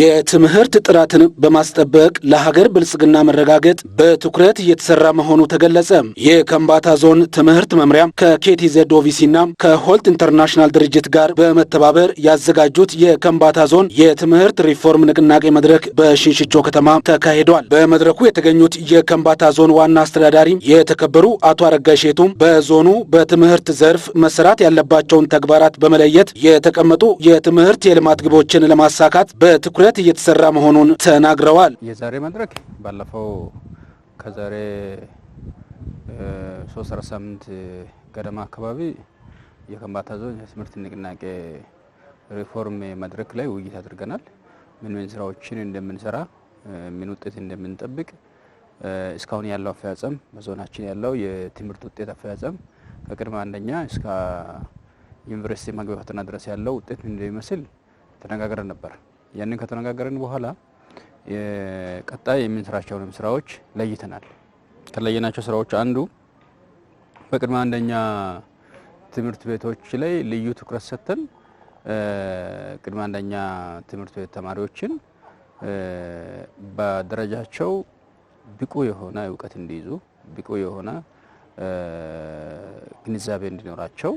የትምህርት ጥራትን በማስጠበቅ ለሀገር ብልጽግና መረጋገጥ በትኩረት እየተሰራ መሆኑ ተገለጸ። የከምባታ ዞን ትምህርት መምሪያ ከኬቲዘድ ኦቪሲና ከሆልት ኢንተርናሽናል ድርጅት ጋር በመተባበር ያዘጋጁት የከምባታ ዞን የትምህርት ሪፎርም ንቅናቄ መድረክ በሽንሽቾ ከተማ ተካሂዷል። በመድረኩ የተገኙት የከምባታ ዞን ዋና አስተዳዳሪ የተከበሩ አቶ አረጋይ ሼቱም በዞኑ በትምህርት ዘርፍ መሰራት ያለባቸውን ተግባራት በመለየት የተቀመጡ የትምህርት የልማት ግቦችን ለማሳካት በት በትኩረት እየተሰራ መሆኑን ተናግረዋል። የዛሬ መድረክ ባለፈው ከዛሬ ሶስት አራት ሳምንት ገደማ አካባቢ የከምባታ ዞን የትምህርት ንቅናቄ ሪፎርም መድረክ ላይ ውይይት አድርገናል። ምን ምን ስራዎችን እንደምንሰራ፣ ምን ውጤት እንደምንጠብቅ፣ እስካሁን ያለው አፈጻጸም፣ በዞናችን ያለው የትምህርት ውጤት አፈጻጸም ከቅድመ አንደኛ እስከ ዩኒቨርሲቲ መግቢያ ፈተና ድረስ ያለው ውጤት እንደሚመስል ተነጋግረን ነበር። ያንን ከተነጋገርን በኋላ ቀጣይ የምንሰራቸውንም ስራዎች ለይተናል። ከለየናቸው ስራዎች አንዱ በቅድመ አንደኛ ትምህርት ቤቶች ላይ ልዩ ትኩረት ሰጥተን ቅድመ አንደኛ ትምህርት ቤት ተማሪዎችን በደረጃቸው ብቁ የሆነ እውቀት እንዲይዙ ብቁ የሆነ ግንዛቤ እንዲኖራቸው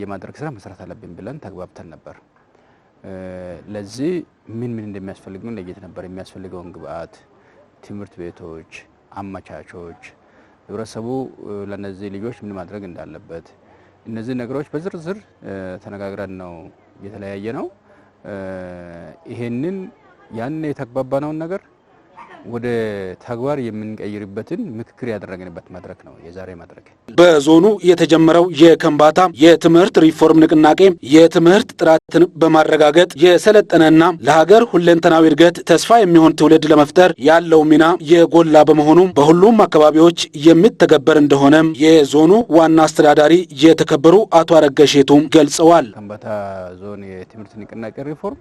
የማድረግ ስራ መስራት አለብን ብለን ተግባብተን ነበር። ለዚህ ምን ምን እንደሚያስፈልግ ለየት ነበር የሚያስፈልገውን ግብአት ትምህርት ቤቶች፣ አመቻቾች፣ ህብረተሰቡ ለነዚህ ልጆች ምን ማድረግ እንዳለበት እነዚህ ነገሮች በዝርዝር ተነጋግረን ነው የተለያየ ነው። ይሄንን ያን የተግባባነውን ነገር ወደ ተግባር የምንቀይርበትን ምክክር ያደረግንበት መድረክ ነው የዛሬ መድረክ። በዞኑ የተጀመረው የከንባታ የትምህርት ሪፎርም ንቅናቄ የትምህርት ጥራትን በማረጋገጥ የሰለጠነና ለሀገር ሁለንተናዊ እድገት ተስፋ የሚሆን ትውልድ ለመፍጠር ያለው ሚና የጎላ በመሆኑ በሁሉም አካባቢዎች የሚተገበር እንደሆነም የዞኑ ዋና አስተዳዳሪ የተከበሩ አቶ አረገሼቱም ገልጸዋል። ከንባታ ዞን የትምህርት ንቅናቄ ሪፎርም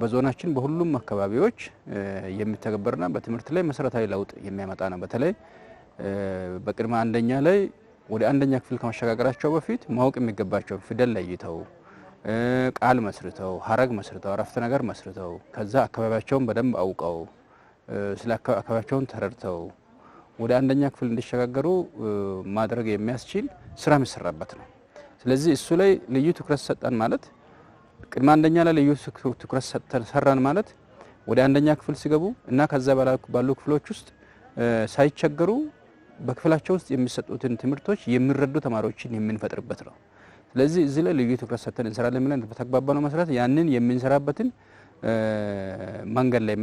በዞናችን በሁሉም አካባቢዎች የሚተገበርና በትምህርት ላይ መሰረታዊ ለውጥ የሚያመጣ ነው። በተለይ በቅድመ አንደኛ ላይ ወደ አንደኛ ክፍል ከመሸጋገራቸው በፊት ማወቅ የሚገባቸው ፊደል ለይተው ቃል መስርተው ሀረግ መስርተው አረፍተ ነገር መስርተው ከዛ አካባቢያቸውን በደንብ አውቀው ስለ አካባቢያቸውን ተረድተው ወደ አንደኛ ክፍል እንዲሸጋገሩ ማድረግ የሚያስችል ስራ የሚሰራበት ነው። ስለዚህ እሱ ላይ ልዩ ትኩረት ሰጠን ማለት ቅድመ አንደኛ ላይ ልዩ ትኩረት ሰራን ማለት ወደ አንደኛ ክፍል ሲገቡ እና ከዛ ባሉ ክፍሎች ውስጥ ሳይቸገሩ በክፍላቸው ውስጥ የሚሰጡትን ትምህርቶች የሚረዱ ተማሪዎችን የምንፈጥርበት ነው። ስለዚህ እዚህ ላይ ልዩ ትኩረት ሰጥተን እንሰራለን ብለን በተግባባ ነው መስራት ያንን የምንሰራበትን መንገድ ላይ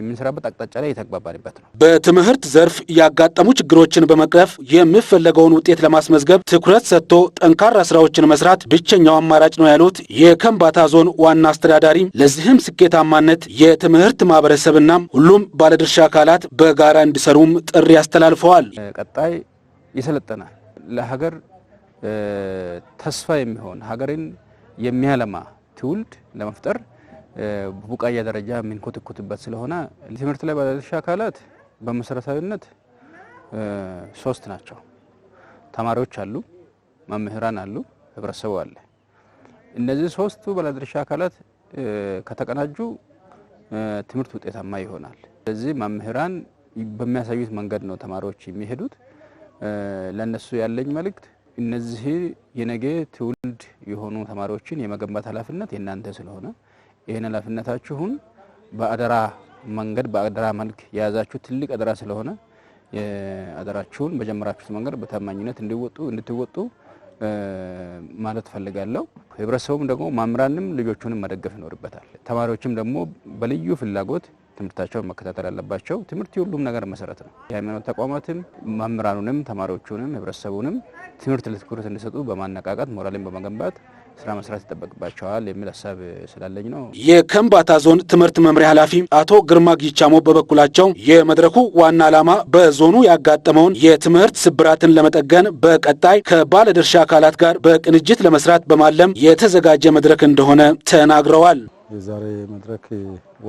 የምንሰራበት አቅጣጫ ላይ የተግባባንበት ነው። በትምህርት ዘርፍ ያጋጠሙ ችግሮችን በመቅረፍ የሚፈለገውን ውጤት ለማስመዝገብ ትኩረት ሰጥቶ ጠንካራ ስራዎችን መስራት ብቸኛው አማራጭ ነው ያሉት የከምባታ ዞን ዋና አስተዳዳሪ፣ ለዚህም ስኬታማነት የትምህርት ማህበረሰብና ሁሉም ባለድርሻ አካላት በጋራ እንዲሰሩም ጥሪ አስተላልፈዋል። ቀጣይ ይሰለጠናል ለሀገር ተስፋ የሚሆን ሀገርን የሚያለማ ትውልድ ለመፍጠር ቡቃያ ደረጃ የምንኮትኩትበት ስለሆነ ትምህርት ላይ ባለድርሻ አካላት በመሰረታዊነት ሶስት ናቸው። ተማሪዎች አሉ፣ መምህራን አሉ፣ ህብረተሰቡ አለ። እነዚህ ሶስቱ ባለድርሻ አካላት ከተቀናጁ ትምህርት ውጤታማ ይሆናል። ስለዚህ መምህራን በሚያሳዩት መንገድ ነው ተማሪዎች የሚሄዱት። ለእነሱ ያለኝ መልእክት እነዚህ የነገ ትውልድ የሆኑ ተማሪዎችን የመገንባት ኃላፊነት የእናንተ ስለሆነ ይህን ኃላፊነታችሁን በአደራ መንገድ በአደራ መልክ የያዛችሁ ትልቅ አደራ ስለሆነ አደራችሁን በጀመራችሁት መንገድ በታማኝነት እንዲወጡ እንድትወጡ ማለት ፈልጋለሁ። ህብረተሰቡም ደግሞ መምህራንም ልጆቹንም መደገፍ ይኖርበታል። ተማሪዎችም ደግሞ በልዩ ፍላጎት ትምህርታቸውን መከታተል አለባቸው። ትምህርት የሁሉም ነገር መሰረት ነው። የሃይማኖት ተቋማትም መምህራኑንም፣ ተማሪዎቹንም፣ ህብረተሰቡንም ትምህርት ለትኩረት እንዲሰጡ በማነቃቃት ሞራልን በመገንባት ስራ መስራት ይጠበቅባቸዋል የሚል ሀሳብ ስላለኝ ነው። የከምባታ ዞን ትምህርት መምሪያ ኃላፊ አቶ ግርማ ጊቻሞ በበኩላቸው የመድረኩ ዋና ዓላማ በዞኑ ያጋጠመውን የትምህርት ስብራትን ለመጠገን በቀጣይ ከባለድርሻ አካላት ጋር በቅንጅት ለመስራት በማለም የተዘጋጀ መድረክ እንደሆነ ተናግረዋል። የዛሬ መድረክ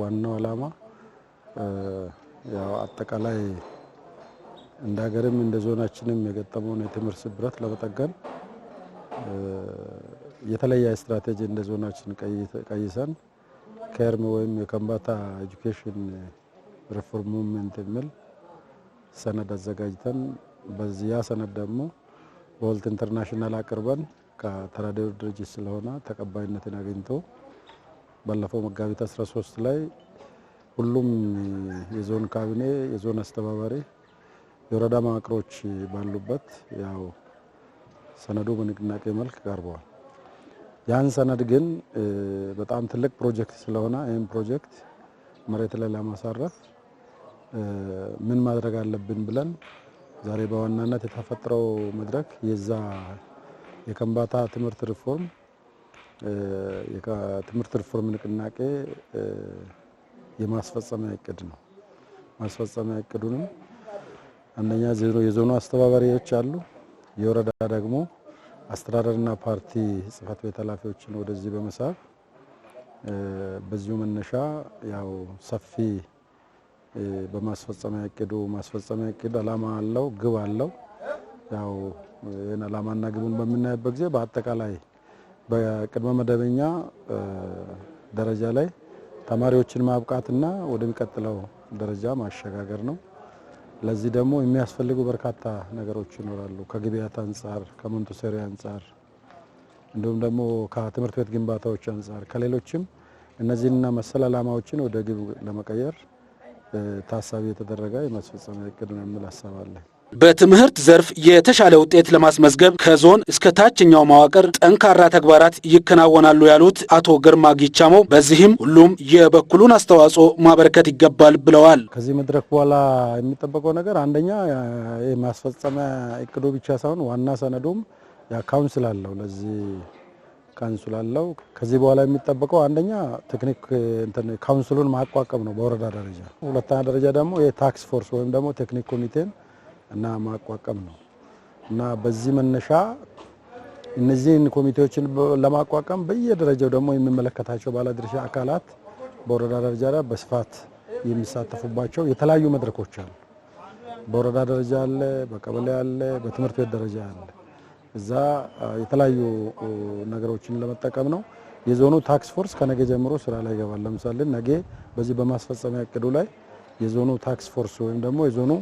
ዋናው ዓላማ ያው አጠቃላይ እንደ ሀገርም እንደ ዞናችንም የገጠመውን የትምህርት ስብረት ለመጠገን የተለየ ስትራቴጂ እንደ ዞናችን ቀይሰን ከርም ወይም የከምባታ ኤጁኬሽን ሪፎርም ሙቭመንት የሚል ሰነድ አዘጋጅተን በዚያ ሰነድ ደግሞ በወልት ኢንተርናሽናል አቅርበን ከተራድኦ ድርጅት ስለሆነ ተቀባይነትን አግኝቶ ባለፈው መጋቢት 13 ላይ ሁሉም የዞን ካቢኔ፣ የዞን አስተባባሪ፣ የወረዳ መዋቅሮች ባሉበት ያው ሰነዱ በንቅናቄ መልክ ቀርበዋል። ያን ሰነድ ግን በጣም ትልቅ ፕሮጀክት ስለሆነ ይህም ፕሮጀክት መሬት ላይ ለማሳረፍ ምን ማድረግ አለብን ብለን ዛሬ በዋናነት የተፈጠረው መድረክ የዛ የከንባታ ትምህርት ሪፎርም የትምህርት ሪፎርም ንቅናቄ የማስፈጸሚያ እቅድ ነው። ማስፈጸሚያ እቅዱንም አንደኛ የዞኑ አስተባባሪዎች አሉ። የወረዳ ደግሞ አስተዳደርና ፓርቲ ጽህፈት ቤት ኃላፊዎችን ወደዚህ በመሳብ በዚሁ መነሻ ያው ሰፊ በማስፈጸሚያ እቅዱ ማስፈጸሚያ እቅድ አላማ አለው፣ ግብ አለው። ያው ይህን አላማና ግቡን በምናይበት ጊዜ በአጠቃላይ በቅድመ መደበኛ ደረጃ ላይ ተማሪዎችን ማብቃትና ወደሚቀጥለው ደረጃ ማሸጋገር ነው። ለዚህ ደግሞ የሚያስፈልጉ በርካታ ነገሮች ይኖራሉ። ከግብያት አንጻር፣ ከሞንቶሶሪ አንጻር እንዲሁም ደግሞ ከትምህርት ቤት ግንባታዎች አንጻር ከሌሎችም እነዚህንና መሰል አላማዎችን ወደ ግብ ለመቀየር ታሳቢ የተደረገ የማስፈጸሚያ እቅድ ነው የሚል ሀሳብ አለን። በትምህርት ዘርፍ የተሻለ ውጤት ለማስመዝገብ ከዞን እስከ ታችኛው መዋቅር ጠንካራ ተግባራት ይከናወናሉ ያሉት አቶ ግርማ ጊቻሞ፣ በዚህም ሁሉም የበኩሉን አስተዋጽኦ ማበረከት ይገባል ብለዋል። ከዚህ መድረክ በኋላ የሚጠበቀው ነገር አንደኛ የማስፈጸሚያ እቅዱ ብቻ ሳይሆን ዋና ሰነዱም ካውንስል አለው ለዚህ ካውንስል አለው። ከዚህ በኋላ የሚጠበቀው አንደኛ ቴክኒክ ካውንስሉን ማቋቋም ነው በወረዳ ደረጃ። ሁለተኛ ደረጃ ደግሞ የታክስ ፎርስ ወይም ደግሞ ቴክኒክ ኮሚቴን እና ማቋቋም ነው እና በዚህ መነሻ እነዚህን ኮሚቴዎችን ለማቋቋም በየደረጃው ደግሞ የሚመለከታቸው ባለድርሻ አካላት በወረዳ ደረጃ ላይ በስፋት የሚሳተፉባቸው የተለያዩ መድረኮች አሉ። በወረዳ ደረጃ አለ፣ በቀበሌ አለ፣ በትምህርት ቤት ደረጃ አለ። እዛ የተለያዩ ነገሮችን ለመጠቀም ነው። የዞኑ ታክስ ፎርስ ከነገ ጀምሮ ስራ ላይ ይገባል። ለምሳሌ ነገ በዚህ በማስፈጸሚያ እቅዱ ላይ የዞኑ ታክስ ፎርስ ወይም ደግሞ የዞኑ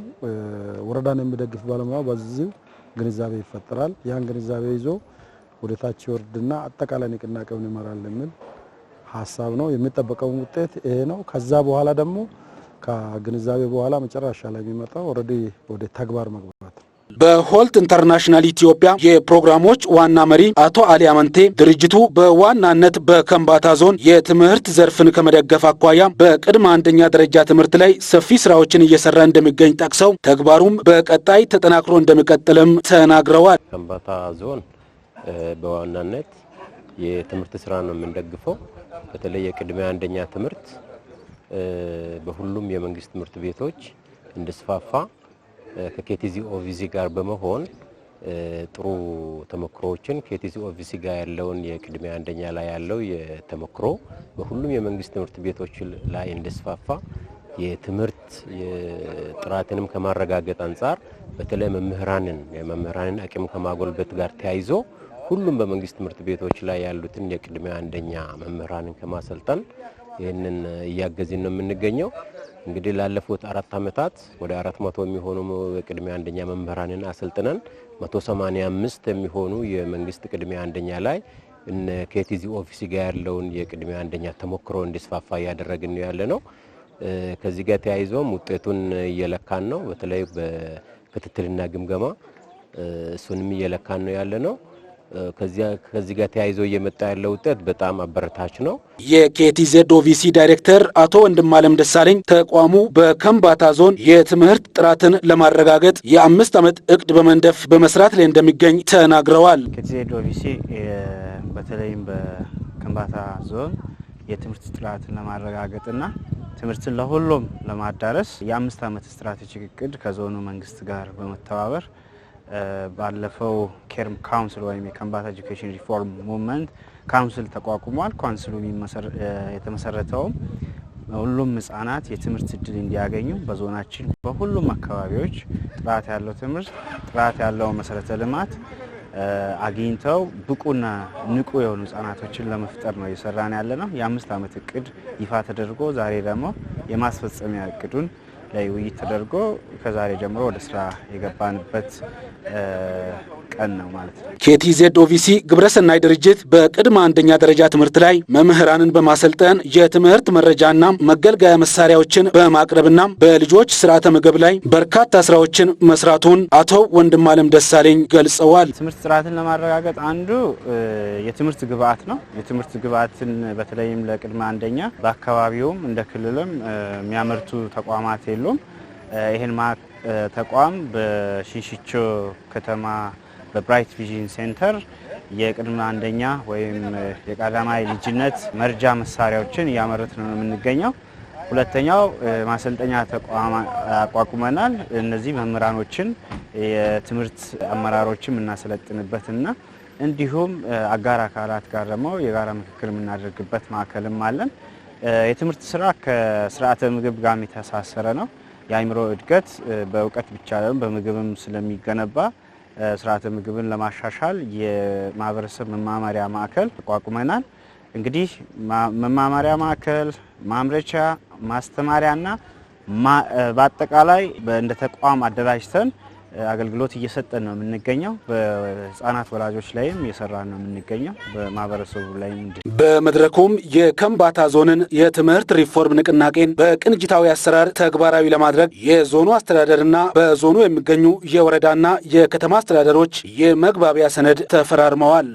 ወረዳን የሚደግፍ ባለሙያ በዚህ ግንዛቤ ይፈጠራል። ያን ግንዛቤ ይዞ ወደ ታች ይወርድና አጠቃላይ ንቅናቄውን ይመራል የሚል ሀሳብ ነው። የሚጠበቀውን ውጤት ይሄ ነው። ከዛ በኋላ ደግሞ ከግንዛቤ በኋላ መጨረሻ ላይ የሚመጣው ኦልሬዲ ወደ ተግባር መግባት በሆልት ኢንተርናሽናል ኢትዮጵያ የፕሮግራሞች ዋና መሪ አቶ አሊ አመንቴ ድርጅቱ በዋናነት በከምባታ ዞን የትምህርት ዘርፍን ከመደገፍ አኳያ በቅድመ አንደኛ ደረጃ ትምህርት ላይ ሰፊ ስራዎችን እየሰራ እንደሚገኝ ጠቅሰው ተግባሩም በቀጣይ ተጠናክሮ እንደሚቀጥልም ተናግረዋል። ከምባታ ዞን በዋናነት የትምህርት ስራ ነው የምንደግፈው። በተለይ የቅድመ አንደኛ ትምህርት በሁሉም የመንግስት ትምህርት ቤቶች እንዲስፋፋ ከኬቲዚ ኦቪሲ ጋር በመሆን ጥሩ ተሞክሮዎችን ኬቲዚ ኦቪሲ ጋር ያለውን የቅድሚያ አንደኛ ላይ ያለው የተሞክሮ በሁሉም የመንግስት ትምህርት ቤቶች ላይ እንደስፋፋ የትምህርት ጥራትንም ከማረጋገጥ አንጻር በተለይ መምህራንን የመምህራንን አቅም ከማጎልበት ጋር ተያይዞ ሁሉም በመንግስት ትምህርት ቤቶች ላይ ያሉትን የቅድሚያ አንደኛ መምህራንን ከማሰልጠን ይህንን እያገዝን ነው የምንገኘው። እንግዲህ ላለፉት አራት ዓመታት ወደ አራት መቶ የሚሆኑ ቅድሚያ አንደኛ መምህራንን አሰልጥነን 185 የሚሆኑ የመንግስት ቅድሚያ አንደኛ ላይ እነ ኬቲዚ ኦፊስ ጋር ያለውን የቅድሚያ አንደኛ ተሞክሮ እንዲስፋፋ እያደረግን ያለ ነው። ከዚህ ጋር ተያይዞም ውጤቱን እየለካን ነው። በተለይ በክትትልና ግምገማ እሱንም እየለካን ነው ያለ ነው። ከዚህ ጋር ተያይዞ እየመጣ ያለው ውጤት በጣም አበረታች ነው። የኬቲዜድ ኦቪሲ ዳይሬክተር አቶ ወንድማለም ደሳለኝ ተቋሙ በከምባታ ዞን የትምህርት ጥራትን ለማረጋገጥ የአምስት ዓመት እቅድ በመንደፍ በመስራት ላይ እንደሚገኝ ተናግረዋል። ኬቲዜድ ኦቪሲ በተለይም በከምባታ ዞን የትምህርት ጥራትን ለማረጋገጥና ትምህርትን ለሁሉም ለማዳረስ የአምስት ዓመት ስትራቴጂክ እቅድ ከዞኑ መንግስት ጋር በመተባበር ባለፈው ኬርም ካውንስል ወይም የከምባታ ኤጁኬሽን ሪፎርም ሙቭመንት ካውንስል ተቋቁሟል። ካውንስሉ የተመሰረተውም ሁሉም ህጻናት የትምህርት እድል እንዲያገኙ በዞናችን በሁሉም አካባቢዎች ጥራት ያለው ትምህርት፣ ጥራት ያለው መሰረተ ልማት አግኝተው ብቁና ንቁ የሆኑ ህጻናቶችን ለመፍጠር ነው እየሰራን ያለ ነው። የአምስት ዓመት እቅድ ይፋ ተደርጎ ዛሬ ደግሞ የማስፈጸሚያ እቅዱን ላይ ውይይት ተደርጎ ከዛሬ ጀምሮ ወደ ስራ የገባንበት ቀን ነው ማለት ነው። ኬቲዜድ ኦቪሲ ግብረሰናይ ድርጅት በቅድመ አንደኛ ደረጃ ትምህርት ላይ መምህራንን በማሰልጠን የትምህርት መረጃና መገልገያ መሳሪያዎችን በማቅረብና በልጆች ስርዓተ ምግብ ላይ በርካታ ስራዎችን መስራቱን አቶ ወንድማለም ደሳለኝ ገልጸዋል። ትምህርት ስርዓትን ለማረጋገጥ አንዱ የትምህርት ግብአት ነው። የትምህርት ግብአትን በተለይም ለቅድመ አንደኛ በአካባቢውም እንደ ክልልም የሚያመርቱ ተቋማት የሉም። ይህን ተቋም በሽንሽቾ ከተማ በብራይት ቪዥን ሴንተር የቅድመ አንደኛ ወይም የቀዳማዊ ልጅነት መርጃ መሳሪያዎችን እያመረት ነው የምንገኘው። ሁለተኛው ማሰልጠኛ ተቋም አቋቁመናል። እነዚህ መምህራኖችን የትምህርት አመራሮችን የምናሰለጥንበትና እንዲሁም አጋር አካላት ጋር ደግሞ የጋራ ምክክር የምናደርግበት ማዕከልም አለን። የትምህርት ስራ ከስርዓተ ምግብ ጋር የተሳሰረ ነው። የአይምሮ እድገት በእውቀት ብቻ በምግብም ስለሚገነባ ስርዓተ ምግብን ለማሻሻል የማህበረሰብ መማማሪያ ማዕከል ተቋቁመናል። እንግዲህ መማማሪያ ማዕከል፣ ማምረቻ፣ ማስተማሪያና በአጠቃላይ እንደ ተቋም አደራጅተን አገልግሎት እየሰጠን ነው የምንገኘው። በህጻናት ወላጆች ላይም እየሰራን ነው የምንገኘው። በማህበረሰቡ ላይ በመድረኩም የከምባታ ዞንን የትምህርት ሪፎርም ንቅናቄን በቅንጅታዊ አሰራር ተግባራዊ ለማድረግ የዞኑ አስተዳደርና በዞኑ የሚገኙ የወረዳና የከተማ አስተዳደሮች የመግባቢያ ሰነድ ተፈራርመዋል።